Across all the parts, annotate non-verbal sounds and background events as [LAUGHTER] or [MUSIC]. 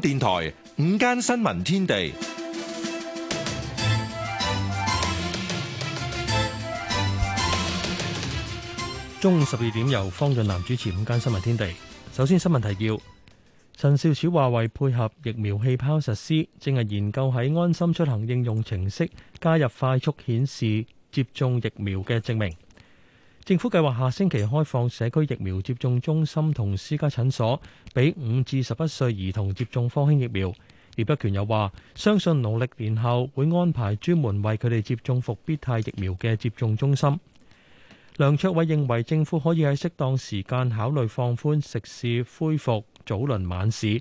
電台午間新聞天地，中午十二點由方俊南主持午間新聞天地。首先新聞提要：陳肇始話為配合疫苗氣泡實施，正係研究喺安心出行應用程式加入快速顯示接種疫苗嘅證明。政府計劃下星期開放社區疫苗接種中心同私家診所，俾五至十一歲兒童接種科興疫苗。聶德權又話：相信農曆年後會安排專門為佢哋接種復必泰疫苗嘅接種中心。梁卓偉認為政府可以喺適當時間考慮放寬食肆恢復早輪晚市，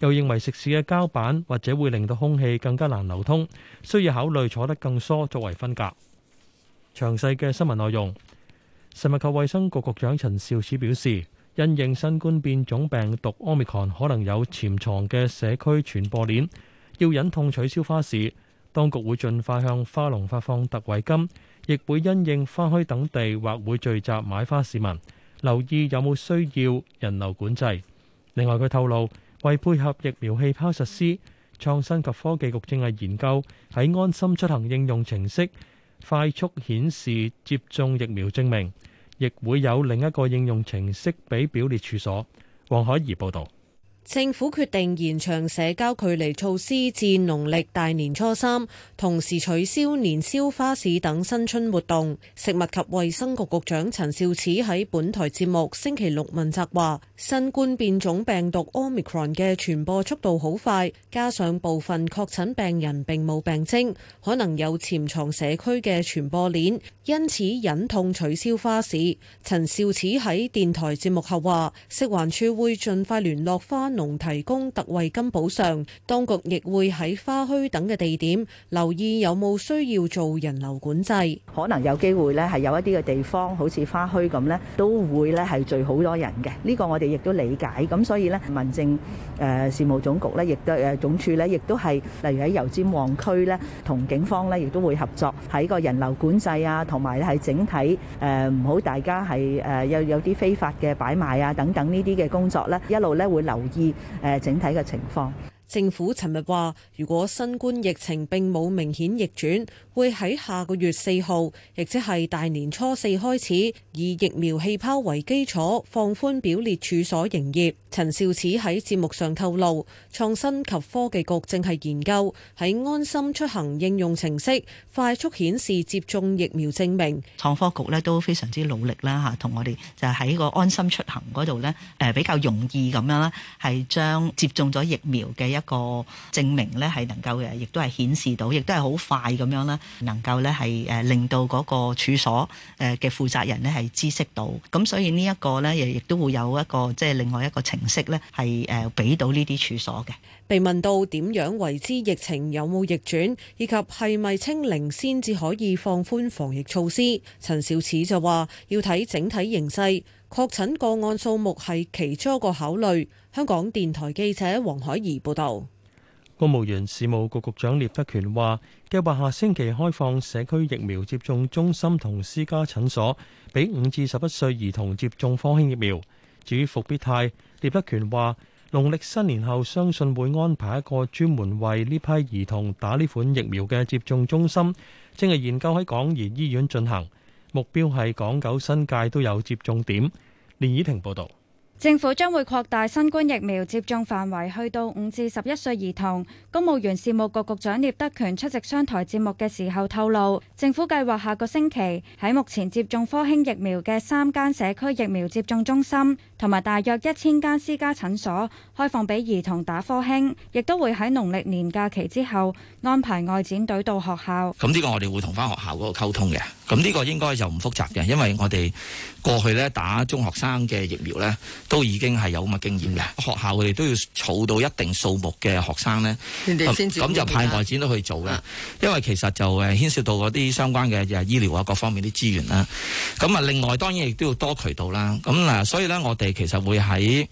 又認為食肆嘅膠板或者會令到空氣更加難流通，需要考慮坐得更疏作為分隔。詳細嘅新聞內容。食物及衛生局局長陳肇始表示，因應新冠變種病毒 Omicron 可能有潛藏嘅社區傳播鏈，要忍痛取消花市，當局會盡快向花農發放特惠金，亦會因應花墟等地或會聚集買花市民，留意有冇需要人流管制。另外，佢透露為配合疫苗氣泡實施，創新及科技局正係研究喺安心出行應用程式，快速顯示接種疫苗證明，亦會有另一個應用程式畀表列處所。黃海怡報導。政府決定延長社交距離措施至農曆大年初三，同時取消年宵花市等新春活動。食物及衛生局局長陳肇始喺本台節目星期六問責話，新冠變種病毒 Omicron 嘅傳播速度好快，加上部分確診病人並冇病徵，可能有潛藏社區嘅傳播鏈，因此忍痛取消花市。陳肇始喺電台節目後話，食環署會盡快聯絡返。同提供特惠金補償，當局亦會喺花墟等嘅地點留意有冇需要做人流管制，可能有機會咧係有一啲嘅地方，好似花墟咁咧，都會咧係聚好多人嘅。呢個我哋亦都理解，咁所以咧，民政誒事務總局咧，亦都誒總署咧，亦都係例如喺油尖旺區咧，同警方咧亦都會合作喺個人流管制啊，同埋咧係整體誒唔好大家係誒有有啲非法嘅擺賣啊等等呢啲嘅工作咧，一路咧會留意。誒，整體嘅情況，政府尋日話，如果新冠疫情並冇明顯逆轉，會喺下個月四號，亦即係大年初四開始，以疫苗氣泡為基礎放寬表列處所營業。陳肇始喺節目上透露，創新及科技局正係研究喺安心出行應用程式快速顯示接種疫苗證明。創科局呢都非常之努力啦，吓同我哋就喺個安心出行嗰度呢，誒比較容易咁樣啦，係將接種咗疫苗嘅一個證明呢，係能夠誒，亦都係顯示到，亦都係好快咁樣啦。能夠咧係誒令到嗰個處所誒嘅負責人咧係知悉到，咁所以呢一個呢，亦亦都會有一個即係、就是、另外一個程式呢，係誒俾到呢啲處所嘅。被問到點樣為之疫情有冇逆轉，以及係咪清零先至可以放寬防疫措施，陳肇始就話要睇整體形勢，確診個案數目係其中一個考慮。香港電台記者黃海怡報道。公務員事務局局長聶德權話，計劃下星期開放社區疫苗接種中心同私家診所，俾五至十一歲兒童接種科興疫苗。至於復必泰，聶德權話，農曆新年後相信會安排一個專門為呢批兒童打呢款疫苗嘅接種中心，正係研究喺廣賢醫院進行，目標係港九新界都有接種點。連以婷報道。政府將會擴大新冠疫苗接種範圍，去到五至十一歲兒童。公務員事務局局長聶德權出席商台節目嘅時候透露，政府計劃下個星期喺目前接種科興疫苗嘅三間社區疫苗接種中心同埋大約一千間私家診所。開放俾兒童打科興，亦都會喺農曆年假期之後安排外展隊到學校。咁呢個我哋會同翻學校嗰個溝通嘅。咁呢個應該就唔複雜嘅，因為我哋過去咧打中學生嘅疫苗咧，都已經係有咁嘅經驗嘅。嗯、學校佢哋都要儲到一定數目嘅學生咧，咁就派外展都去做啦。嗯、因為其實就誒牽涉到嗰啲相關嘅誒醫療啊各方面啲資源啦。咁啊，另外當然亦都要多渠道啦。咁嗱，所以咧我哋其實會喺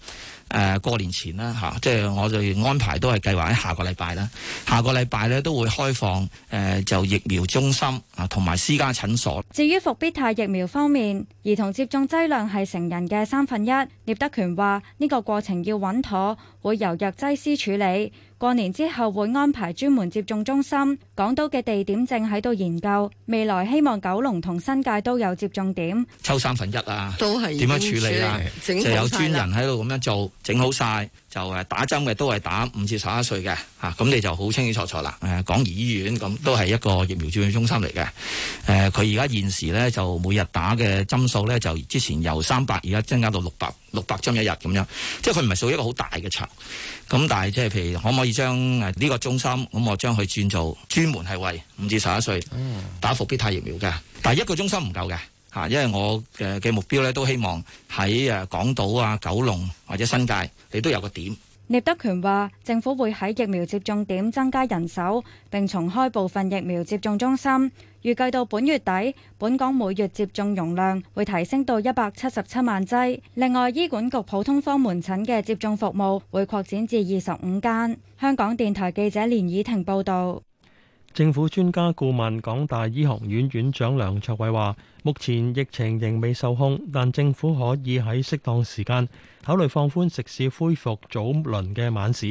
誒、呃、過年前啦，嚇、啊，即係我哋安排都係計劃喺下個禮拜啦。下個禮拜咧都會開放，誒、呃、就疫苗中心啊，同埋私家診所。至於復必泰疫苗方面，兒童接種劑量係成人嘅三分一。聶德權話呢、呢個過程要穩妥，會由藥劑師處理。過年之後會安排專門接種中心，港島嘅地點正喺度研究，未來希望九龍同新界都有接種點，抽三分一啊，都係點樣處理啊？整好，就有專人喺度咁樣做，整好晒。就誒打針嘅都係打五至十一歲嘅嚇，咁、啊、你就好清清楚楚啦。誒、啊，港怡醫院咁、啊、都係一個疫苗轉院中心嚟嘅。誒、啊，佢而家現時咧就每日打嘅針數咧就之前由三百而家增加到六百六百針一日咁樣，即係佢唔係做一個好大嘅場。咁但係即係譬如可唔可以將呢個中心咁我將佢轉做專門係為五至十一歲打復必泰疫苗嘅？但係一個中心唔夠嘅。嚇，因為我嘅嘅目標咧，都希望喺港島啊、九龍或者新界，你都有個點。聶德權話：政府會喺疫苗接種點增加人手，並重開部分疫苗接種中心。預計到本月底，本港每月接種容量會提升到一百七十七萬劑。另外，醫管局普通科門診嘅接種服務會擴展至二十五間。香港電台記者連以婷報道。政府專家顧問港大醫學院院長梁卓偉話：目前疫情仍未受控，但政府可以喺適當時間考慮放寬食肆恢復早輪嘅晚市。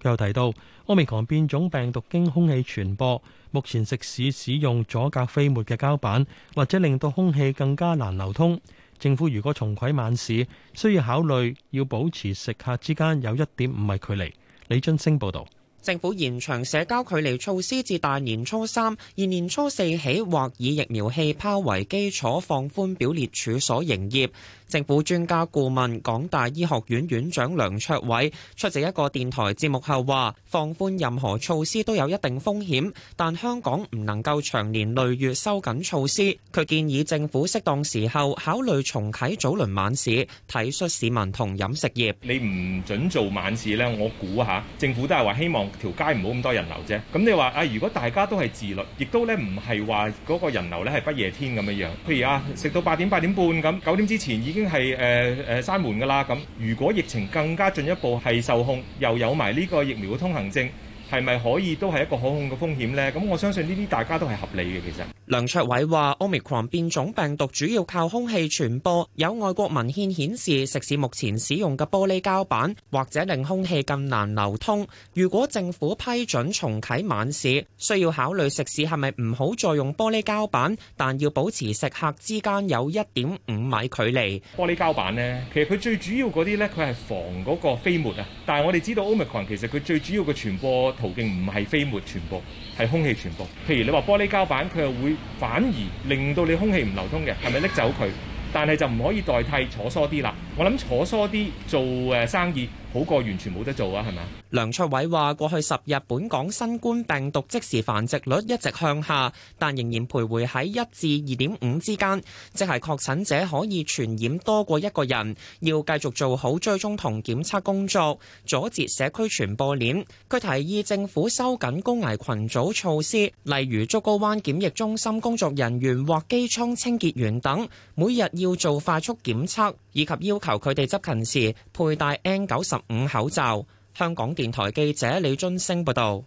佢又提到，奧密克戎變種病毒經空氣傳播，目前食肆使用阻隔飛沫嘅膠板，或者令到空氣更加難流通。政府如果重啟晚市，需要考慮要保持食客之間有一點五米距離。李津升報導。政府延長社交距離措施至大年初三，而年初四起，或以疫苗氣泡為基礎放寬表列處所營業。政府專家顧問港大醫學院院長梁卓偉出席一個電台節目後話：放寬任何措施都有一定風險，但香港唔能夠長年累月收緊措施。佢建議政府適當時候考慮重啟早輪晚市，體恤市民同飲食業。你唔準做晚市呢？我估下，政府都係話希望條街唔好咁多人流啫。咁你話啊、哎，如果大家都係自律，亦都呢唔係話嗰個人流呢係不夜天咁樣。譬如啊，食到八點八點半咁，九點之前已經已經係誒誒閂門噶啦，咁如果疫情更加進一步係受控，又有埋呢個疫苗嘅通行證。係咪可以都係一個可控嘅風險呢？咁我相信呢啲大家都係合理嘅。其實，梁卓偉話：Omicron 變種病毒主要靠空氣傳播。有外國文獻顯示，食肆目前使用嘅玻璃膠板，或者令空氣更難流通。如果政府批准重啟晚市，需要考慮食肆係咪唔好再用玻璃膠板，但要保持食客之間有一點五米距離。玻璃膠板呢，其實佢最主要嗰啲呢，佢係防嗰個飛沫啊。但係我哋知道 Omicron 其實佢最主要嘅傳播。途徑唔係飛沫全部，係空氣全部。譬如你話玻璃膠板，佢又會反而令到你空氣唔流通嘅，係咪拎走佢？但係就唔可以代替坐疏啲啦。我諗坐疏啲做誒生意。好過完全冇得做啊，係嘛？梁卓偉話過去十日本港新冠病毒即時繁殖率一直向下，但仍然徘徊喺一至二點五之間，即係確診者可以傳染多過一個人。要繼續做好追蹤同檢測工作，阻截社區傳播鏈，佢提議政府收緊高危群組措施，例如竹篙灣檢疫中心工作人員或機艙清潔員等，每日要做快速檢測，以及要求佢哋執勤時佩戴 N 九十。五口罩。香港電台記者李津升報道，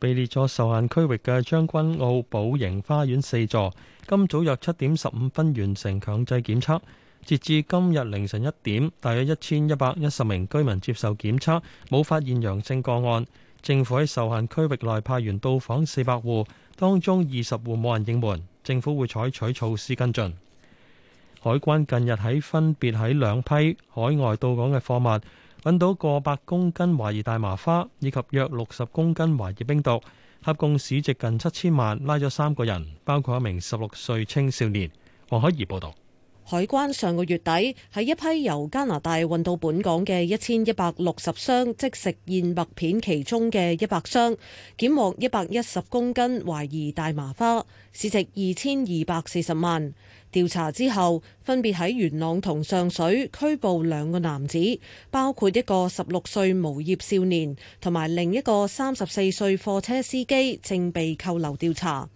被列咗受限區域嘅將軍澳寶盈花園四座，今早約七點十五分完成強制檢測。截至今日凌晨一點，大約一千一百一十名居民接受檢測，冇發現陽性個案。政府喺受限區域內派員到訪四百戶，當中二十戶冇人應門。政府會採取措施跟進。海關近日喺分別喺兩批海外到港嘅貨物。揾到過百公斤懷疑大麻花，以及約六十公斤懷疑冰毒，合共市值近七千萬，拉咗三個人，包括一名十六歲青少年。黃海怡報導。海關上個月底喺一批由加拿大運到本港嘅一千一百六十箱即食燕麥片，其中嘅一百箱檢獲一百一十公斤懷疑大麻花，市值二千二百四十萬。調查之後，分別喺元朗同上水拘捕兩個男子，包括一個十六歲無業少年，同埋另一個三十四歲貨車司機正被扣留調查。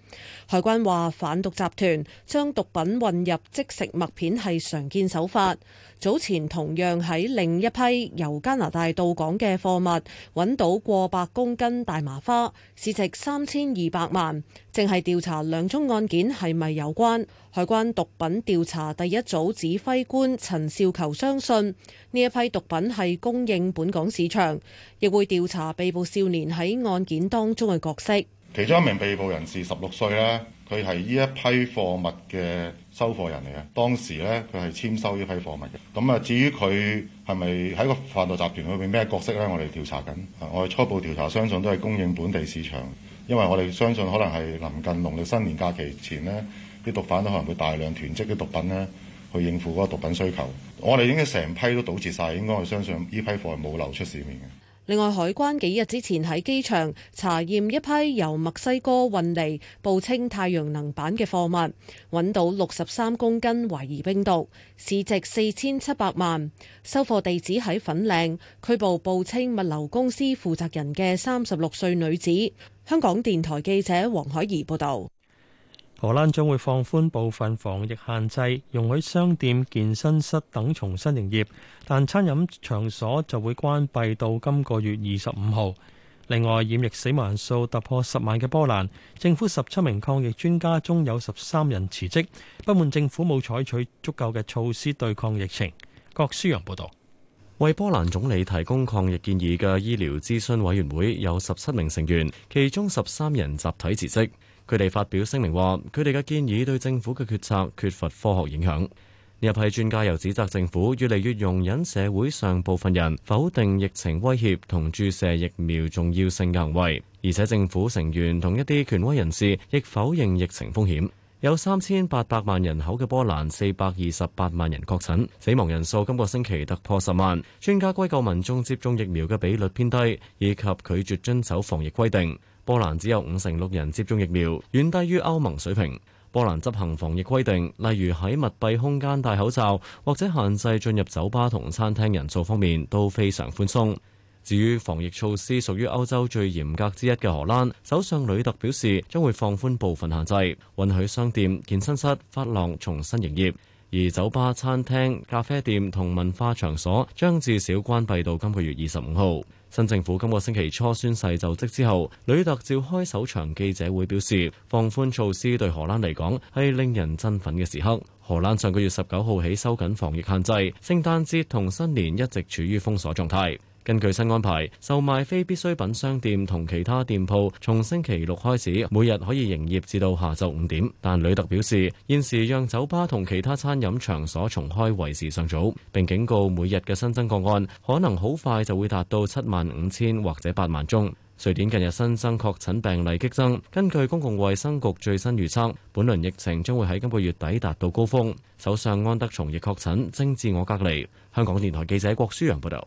海關話，販毒集團將毒品混入即食麥片係常見手法。早前同樣喺另一批由加拿大到港嘅貨物，搵到過百公斤大麻花，市值三千二百萬。正係調查兩宗案件係咪有關。海關毒品調查第一組指揮官陳少求相信，呢一批毒品係供應本港市場，亦會調查被捕少年喺案件當中嘅角色。其中一名被捕人士十六歲咧，佢係呢一批貨物嘅收貨人嚟嘅。當時咧，佢係簽收呢批貨物嘅。咁啊，至於佢係咪喺個販毒集團裏邊咩角色咧，我哋調查緊。我哋初步調查，相信都係供應本地市場，因為我哋相信可能係臨近農曆新年假期前咧，啲毒販都可能會大量囤積啲毒品咧，去應付嗰個毒品需求。我哋應該成批都倒致晒，應該我哋相信呢批貨係冇流出市面嘅。另外，海關幾日之前喺機場查驗一批由墨西哥運嚟報稱太陽能板嘅貨物，揾到六十三公斤懷疑冰毒，市值四千七百萬，收貨地址喺粉嶺，拘捕報稱物流公司負責人嘅三十六歲女子。香港電台記者黃海怡報道。荷蘭將會放寬部分防疫限制，容許商店、健身室等重新營業，但餐飲場所就會關閉到今個月二十五號。另外，染疫死亡數突破十萬嘅波蘭，政府十七名抗疫專家中有十三人辭職，不滿政府冇採取足夠嘅措施對抗疫情。郭舒揚報導。為波蘭總理提供抗疫建議嘅醫療諮詢委員會有十七名成員，其中十三人集體辭職。佢哋發表聲明話：佢哋嘅建議對政府嘅決策缺乏科學影響。呢一批專家又指責政府越嚟越容忍社會上部分人否定疫情威脅同注射疫苗重要性嘅行為，而且政府成員同一啲權威人士亦否認疫情風險。有三千八百萬人口嘅波蘭，四百二十八萬人確診，死亡人數今個星期突破十萬。專家歸咎民眾接種疫苗嘅比率偏低，以及拒絕遵守防疫規定。波蘭只有五成六人接種疫苗，遠低於歐盟水平。波蘭執行防疫規定，例如喺密閉空間戴口罩或者限制進入酒吧同餐廳人數方面都非常寬鬆。至於防疫措施屬於歐洲最嚴格之一嘅荷蘭，首相呂特表示將會放寬部分限制，允許商店、健身室、髮廊重新營業，而酒吧、餐廳、咖啡店同文化場所將至少關閉到今個月二十五號。新政府今個星期初宣誓就職之後，呂特召開首場記者會，表示放寬措施對荷蘭嚟講係令人振奮嘅時刻。荷蘭上個月十九號起收緊防疫限制，聖誕節同新年一直處於封鎖狀態。根據新安排，售賣非必需品商店同其他店鋪，從星期六開始，每日可以營業至到下晝五點。但呂特表示，現時讓酒吧同其他餐飲場所重開為時尚早，並警告，每日嘅新增個案可能好快就會達到七萬五千或者八萬宗。瑞典近日新增確診病例激增，根據公共衛生局最新預測，本輪疫情將會喺今個月底達到高峰。首相安德松亦確診，正自我隔離。香港電台記者郭舒揚報道。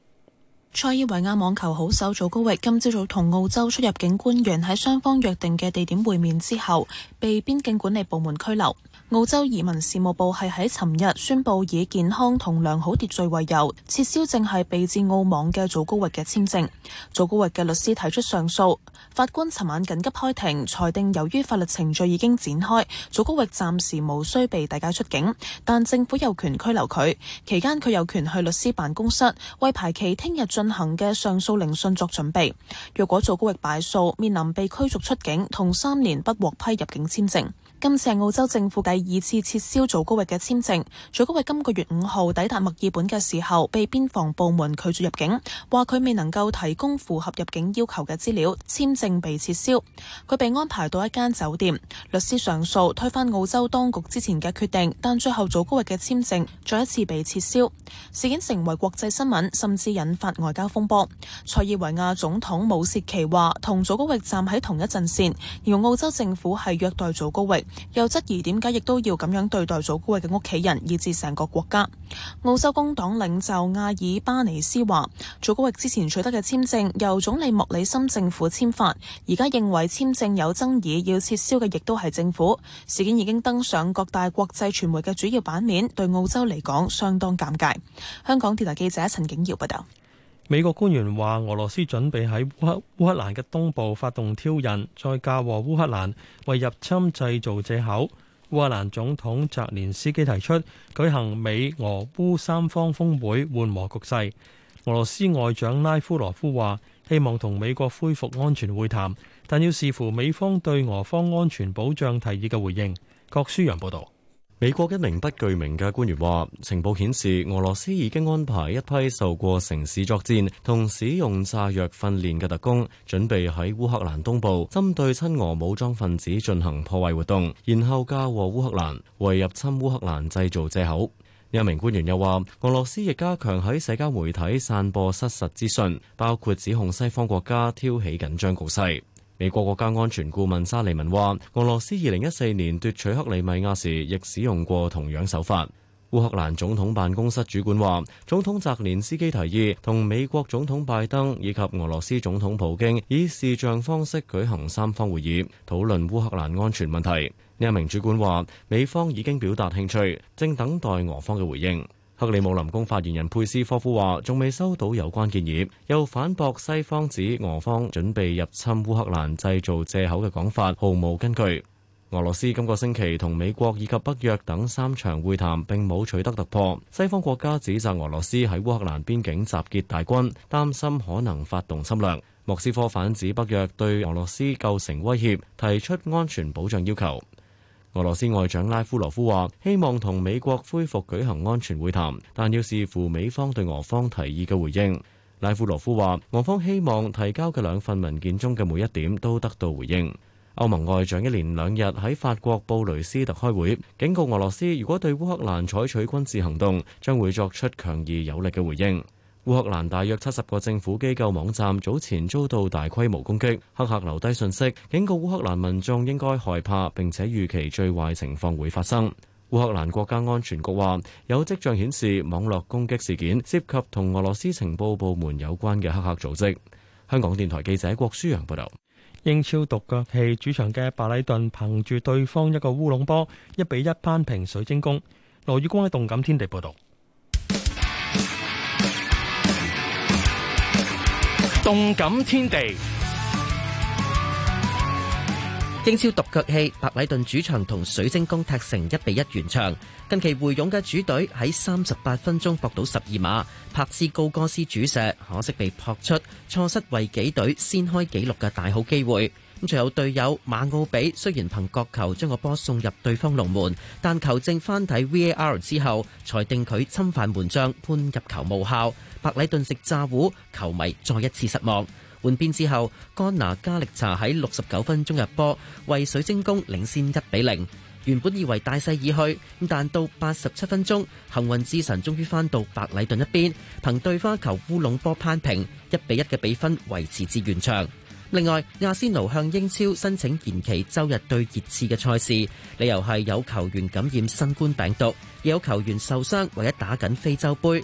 塞爾維亞網球好手祖高域今朝早同澳洲出入境官員喺雙方約定嘅地點會面之後，被邊境管理部門拘留。澳洲移民事務部係喺尋日宣布以健康同良好秩序為由，撤銷正係備戰澳網嘅祖高域嘅簽證。祖高域嘅律師提出上訴，法官尋晚緊急開庭裁定，由於法律程序已經展開，祖高域暫時無需被遞解出境，但政府有權拘留佢。期間佢有權去律師辦公室為排期聽日進行嘅上訴聆訊作準備。若果做高域敗訴，面臨被驅逐出境同三年不獲批入境簽證。今次係澳洲政府第二次撤銷做高域嘅簽證。做高域今個月五號抵達墨爾本嘅時候，被邊防部門拒絕入境，話佢未能夠提供符合入境要求嘅資料，簽證被撤銷。佢被安排到一間酒店。律師上訴推翻澳洲當局之前嘅決定，但最後做高域嘅簽證再一次被撤銷。事件成為國際新聞，甚至引發外交風波，塞爾維亞總統武切奇話同祖高域站喺同一陣線，而澳洲政府係虐待祖高域，又質疑點解亦都要咁樣對待祖高域嘅屋企人，以至成個國家。澳洲工黨領袖阿爾巴尼斯話，祖高域之前取得嘅簽證由總理莫里森政府簽發，而家認為簽證有爭議，要撤銷嘅亦都係政府。事件已經登上各大國際傳媒嘅主要版面，對澳洲嚟講相當尷尬。香港電台記者陳景耀報道。美國官員話俄羅斯準備喺烏烏克蘭嘅東部發動挑釁，再嫁禍烏克蘭，為入侵製造借口。烏克蘭總統澤連斯基提出舉行美俄烏三方峰會，緩和局勢。俄羅斯外長拉夫羅夫話希望同美國恢復安全會談，但要視乎美方對俄方安全保障提議嘅回應。郭書陽報道。美國一名不具名嘅官員話：情報顯示，俄羅斯已經安排一批受過城市作戰同使用炸藥訓練嘅特工，準備喺烏克蘭東部針對親俄武裝分子進行破壞活動，然後嫁禍烏克蘭，為入侵烏克蘭製造藉口。一名官員又話：俄羅斯亦加強喺社交媒體散播失實資訊，包括指控西方國家挑起緊張局勢。美國國家安全顧問沙利文話，俄羅斯二零一四年奪取克里米亞時，亦使用過同樣手法。烏克蘭總統辦公室主管話，總統澤連斯基提議同美國總統拜登以及俄羅斯總統普京以視像方式舉行三方會議，討論烏克蘭安全問題。呢一名主管話，美方已經表達興趣，正等待俄方嘅回應。克里姆林宮發言人佩斯科夫話，仲未收到有關建議，又反駁西方指俄方準備入侵烏克蘭，製造借口嘅講法毫無根據。俄羅斯今個星期同美國以及北約等三場會談，並冇取得突破。西方國家指責俄羅斯喺烏克蘭邊境集結大軍，擔心可能發動侵略。莫斯科反指北約對俄羅斯構成威脅，提出安全保障要求。俄羅斯外長拉夫羅夫話，希望同美國恢復舉行安全會談，但要視乎美方對俄方提議嘅回應。拉夫羅夫話，俄方希望提交嘅兩份文件中嘅每一點都得到回應。歐盟外長一連兩日喺法國布雷斯特開會，警告俄羅斯，如果對烏克蘭採取軍事行動，將會作出強而有力嘅回應。烏克蘭大約七十個政府機構網站早前遭到大規模攻擊，黑客留低信息，警告烏克蘭民眾應該害怕，並且預期最壞情況會發生。烏克蘭國家安全局話，有跡象顯示網絡攻擊事件涉及同俄羅斯情報部門有關嘅黑客組織。香港電台記者郭舒揚報道。英超獨腳戲，主場嘅白禮頓憑住對方一個烏龍波，一比一扳平水晶宮。羅宇光喺動感天地報道。動感天地，英超獨腳戲，白禮頓主場同水晶宮踢成一比一完場。近期回勇嘅主隊喺三十八分鐘搏到十二碼，柏斯高哥斯主射，可惜被撲出，錯失為己隊先開紀錄嘅大好機會。咁，最後隊友馬奧比雖然憑角球將個波送入對方龍門，但球證翻睇 VAR 之後，裁定佢侵犯門將，判入球無效。白禮頓食炸糊，球迷再一次失望。換邊之後，干拿加力茶喺六十九分鐘入波，為水晶宮領先一比零。原本以為大勢已去，但到八十七分鐘，幸運之神終於翻到白禮頓一邊，憑對花球烏龍波攀平一比一嘅比分，維持至完場。另外，亞仙奴向英超申請延期周日對熱刺嘅賽事，理由係有球員感染新冠病毒，也有球員受傷，為咗打緊非洲杯。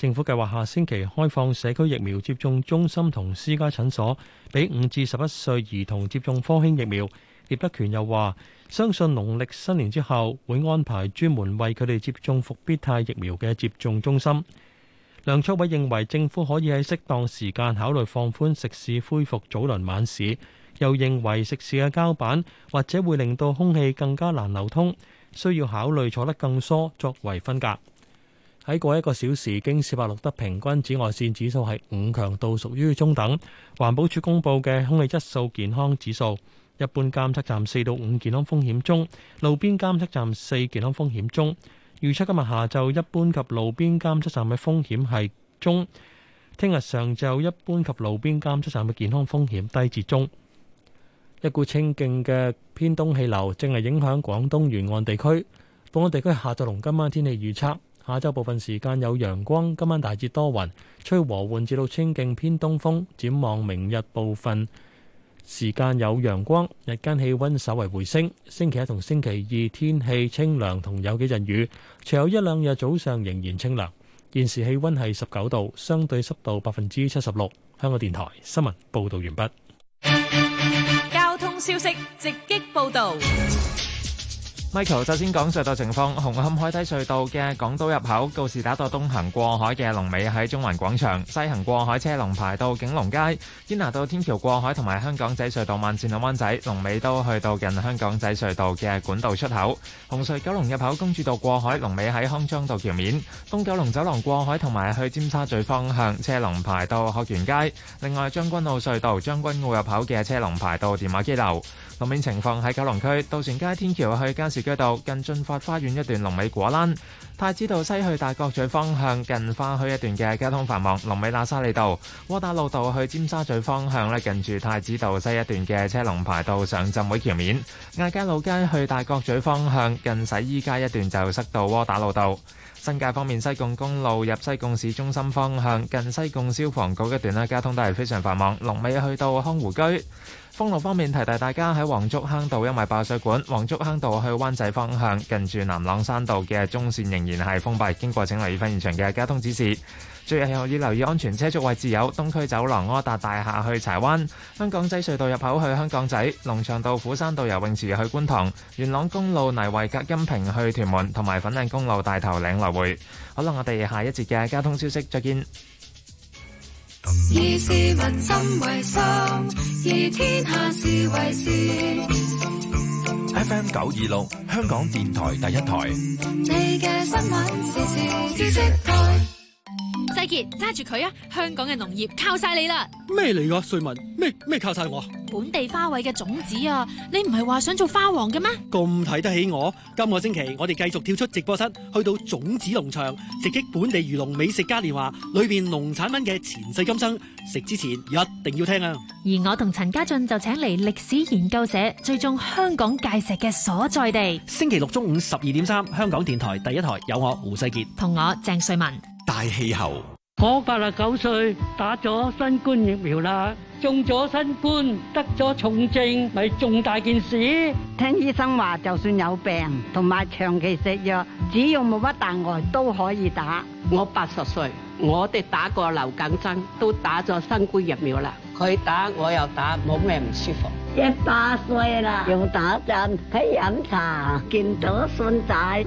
政府計劃下星期開放社區疫苗接種中心同私家診所，俾五至十一歲兒童接種科興疫苗。葉德權又話：相信農曆新年之後會安排專門為佢哋接種復必泰疫苗嘅接種中心。梁卓偉認為政府可以喺適當時間考慮放寬食肆恢復早輪晚市，又認為食肆嘅膠板或者會令到空氣更加難流通，需要考慮坐得更疏作為分隔。喺過一個小時，京士柏錄得平均紫外線指數係五強度，屬於中等。環保署公布嘅空氣質素健康指數，一般監測站四到五健康風險中，路邊監測站四健康風險中。預測今日下晝一般及路邊監測站嘅風險係中，聽日上晝一般及路邊監測站嘅健康風險低至中。一股清勁嘅偏東氣流正係影響廣東沿岸地區，本港地區下晝同今晚天氣預測。下周部分時間有陽光，今晚大致多雲，吹和緩至到清勁偏東風。展望明日部分時間有陽光，日間氣溫稍為回升。星期一同星期二天氣清涼同有幾陣雨，隨後一兩日早上仍然清涼。現時氣溫係十九度，相對濕度百分之七十六。香港電台新聞報道完畢。交通消息直擊報道。Michael，首先講隧道情況。紅磡海底隧道嘅港島入口告士打道東行過海嘅龍尾喺中環廣場，西行過海車龍排到景隆街。堅拿道天橋過海同埋香港仔隧道慢線嘅灣仔龍尾都去到近香港仔隧道嘅管道出口。紅隧九龍入口公主道過海龍尾喺康莊道橋面。東九龍走廊過海同埋去尖沙咀方向車龍排到鶴園街。另外，將軍澳隧道將軍澳入口嘅車龍排到電話機樓。路面情況，喺九龍區渡船街天橋去加士居道近進發花園一段，龍尾果欄。太子道西去大角咀方向近花墟一段嘅交通繁忙，龍尾喇沙利道、窩打老道去尖沙咀方向咧，近住太子道西一段嘅車龍排到上浸會橋面。亞皆老街去大角咀方向近洗衣街一段就塞到窩打老道。新界方面，西貢公路入西貢市中心方向近西貢消防局一段咧，交通都係非常繁忙，龍尾去到康湖居。封路方面，提提大家喺黃竹坑道因為爆水管，黃竹坑道去灣仔方向近住南朗山道嘅中線形。仍係封閉，經過請留意返現場嘅交通指示。最後要留意安全車速位置有：東區走廊、柯達大廈去柴灣、香港仔隧道入口去香港仔、龍翔道、斧山道游泳池去觀塘、元朗公路泥圍隔音屏去屯門，同埋粉嶺公路大頭嶺來回。好啦，我哋下一節嘅交通消息，再見。以市民心為心，以天下事為事。FM 九二六，香港電台第一台。你的細杰揸住佢啊！香港嘅農業靠晒你啦！咩嚟噶？瑞文咩咩靠晒我？本地花卉嘅種子啊！你唔係話想做花王嘅咩？咁睇得起我！今個星期我哋繼續跳出直播室，去到種子農場，直擊本地漁農美食嘉年華裏邊農產品嘅前世今生。食之前一定要聽啊！而我同陳家俊就請嚟歷史研究者，追蹤香港界石嘅所在地。星期六中午十二點三，3, 香港電台第一台有我胡世杰同我鄭瑞文。大氣候，我八十九歲，打咗新冠疫苗啦，中咗新冠，得咗重症，咪重大件事。聽醫生話，就算有病同埋長期食藥，只要冇乜大礙都可以打。我八十歲，我哋打過流感針，都打咗新冠疫苗啦。佢打，我又打，冇咩唔舒服。一百歲啦，又打針。去飲茶，見到孫仔。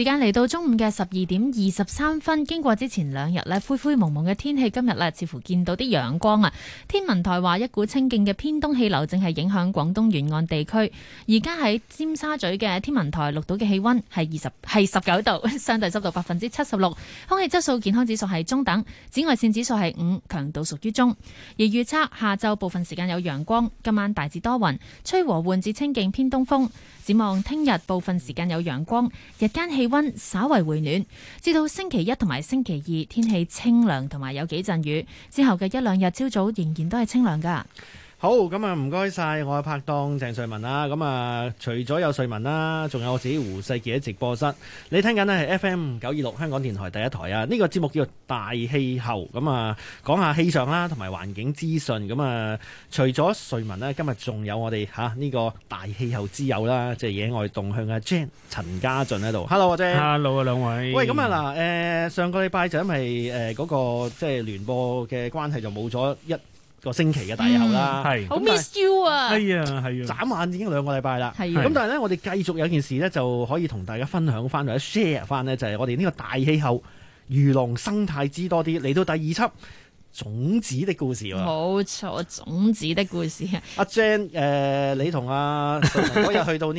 時間嚟到中午嘅十二點二十三分，經過之前兩日咧灰灰蒙蒙嘅天氣，今日咧似乎見到啲陽光啊！天文台話一股清勁嘅偏東氣流正係影響廣東沿岸地區，而家喺尖沙咀嘅天文台錄到嘅氣溫係二十係十九度，相對濕度百分之七十六，空氣質素健康指數係中等，紫外線指數係五，強度屬於中，而預測下晝部分時間有陽光，今晚大致多雲，吹和緩至清勁偏東風。展望聽日部分時間有陽光，日間氣溫稍為回暖。至到星期一同埋星期二天氣清涼同埋有幾陣雨，之後嘅一兩日朝早仍然都係清涼噶。好，咁啊，唔該晒，我係拍檔鄭瑞文啦。咁啊，除咗有瑞文啦，仲有我自己胡世傑喺直播室。你聽緊呢係 FM 九二六香港電台第一台啊。呢個節目叫做大氣候，咁啊，講下氣象啦，同埋環境資訊。咁啊，除咗瑞文呢，今日仲有我哋吓呢個大氣候之友啦，即係野外動向嘅 Jan 陳家俊喺度。Hello 啊，Jan。Hello 啊，兩位。喂，咁啊嗱，誒，上個禮拜就因為誒嗰個即係聯播嘅關係就冇咗一個星期嘅大遊啦，係好 miss you 啊，係啊，係啊，眨眼已經兩個禮拜啦，係啊呀，咁但係咧，我哋繼續有件事咧，就可以同大家分享翻，或者 share 翻咧，就係我哋呢個大氣候魚龍生態知多啲嚟到第二輯種子的故事啊。冇錯，種子的故事啊，阿 Jane 誒，你同阿嗰日去到呢？ [LAUGHS]